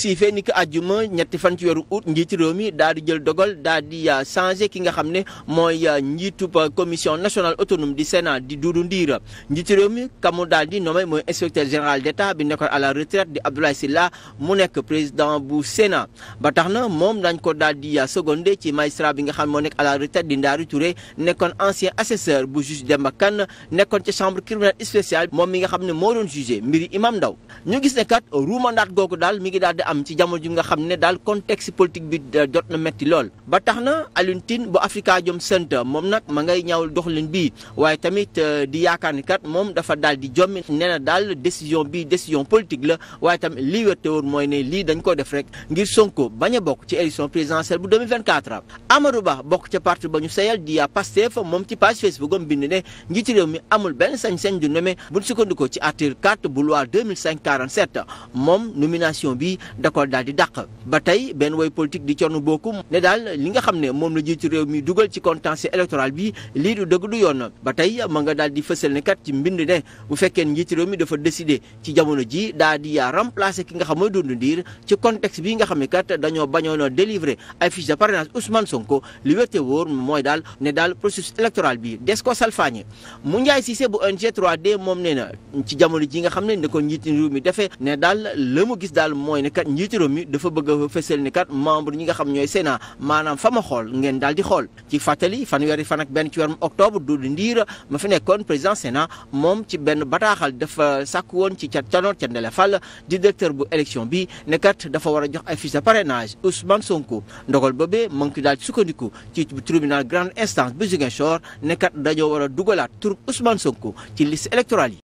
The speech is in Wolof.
siifee ni ko ñetti fan ci weeru août njiitu mi daal jël dogal daal di euh, changé ki nga xam ne mooy euh, njiitub euh, commission nationale autonome du Sénat di Doudou Ndir njiitu réew mi kamu daal di mooy inspecteur général d'État bi nekkoon à la retraite di Abdoulaye Sylla mu nekk président bu Sénat ba tax na moom dañ ko daal di secondé ci magistrat bi nga xam ne moo nekk à la retraite di Ndari Touré nekkoon ancien assesseur bu juge Demba Kane nekkoon ci chambre criminelle moom mi nga xam ne moo doon jugé mbiri Imam Ndaw ñu am ci jamono ji nga xam ne daal contexte politique bi euh, jot na metti lool. ba tax na Alioune Tine bu Afrikajom Center moom nag ma ngay ñaawul doxalin bii waaye tamit euh, di yaakaar ni kat moom dafa daal di jommi nee na daal décision bii décision politique la waaye tamit lii wér te wóor lii dañ ko def rek ngir Sonko bañ a bokk ci élection présidentielle bu 2024. Amadou Ba bokk ca parti ba ñu sayal di Pastef moom ci page Facebook am bind ne njiiti réew mi amul benn sañ-sañ du nommé bu ñu sukkandikoo ci article 4 bu loi 2005 47 moom nomination bi da ko daal di dàq ba tey benn woy politique di Thierno Bocoum ne daal li nga xam ne moom la jiitu réew mi dugal ci contentieux électoral bi lii du dëgg du yoon ba tey ma nga daal di fësal ne kat ci mbind ne bu fekkee ne njiitu réew mi dafa décider ci jamono ji daa di yaa remplacer ki nga xam mooy Doudou Ndir ci contexte bi nga xam ne kat dañoo bañoon a délivrer ay fiches de parrainage Ousmane Sonko li wérte wóor mooy daal ne daal processus électoral bi des ko salfaañe mu Ndiaye Cissé bu ONG 3D moom nee na ci jamono ji nga xam ne ne ko njiitu réew mi defee ne gis daal mooy ne kat njiitu réew mi dafa bëgg a fësal ni kat membre ñi nga xam ñooy Sénat maanaam fa ma xool ngeen daal di xool ci fàttali fan fanweeri fan ak benn ci weeru octobre Doudou Ndir ma fi nekkoon président Sénat moom ci benn bataaxal dafa sàkk woon ci ca canoor ca Ndele Fall di directeur bu élection bi ne dafa war a jox ay fiches de parrainage Ousmane Sonko ndogal ba mu ngi daal di sukkandiku ci tribunal grande instance bu Ziguinchor ne kat dañoo war a dugalaat tur Ousmane Sonko ci liste électorale yi.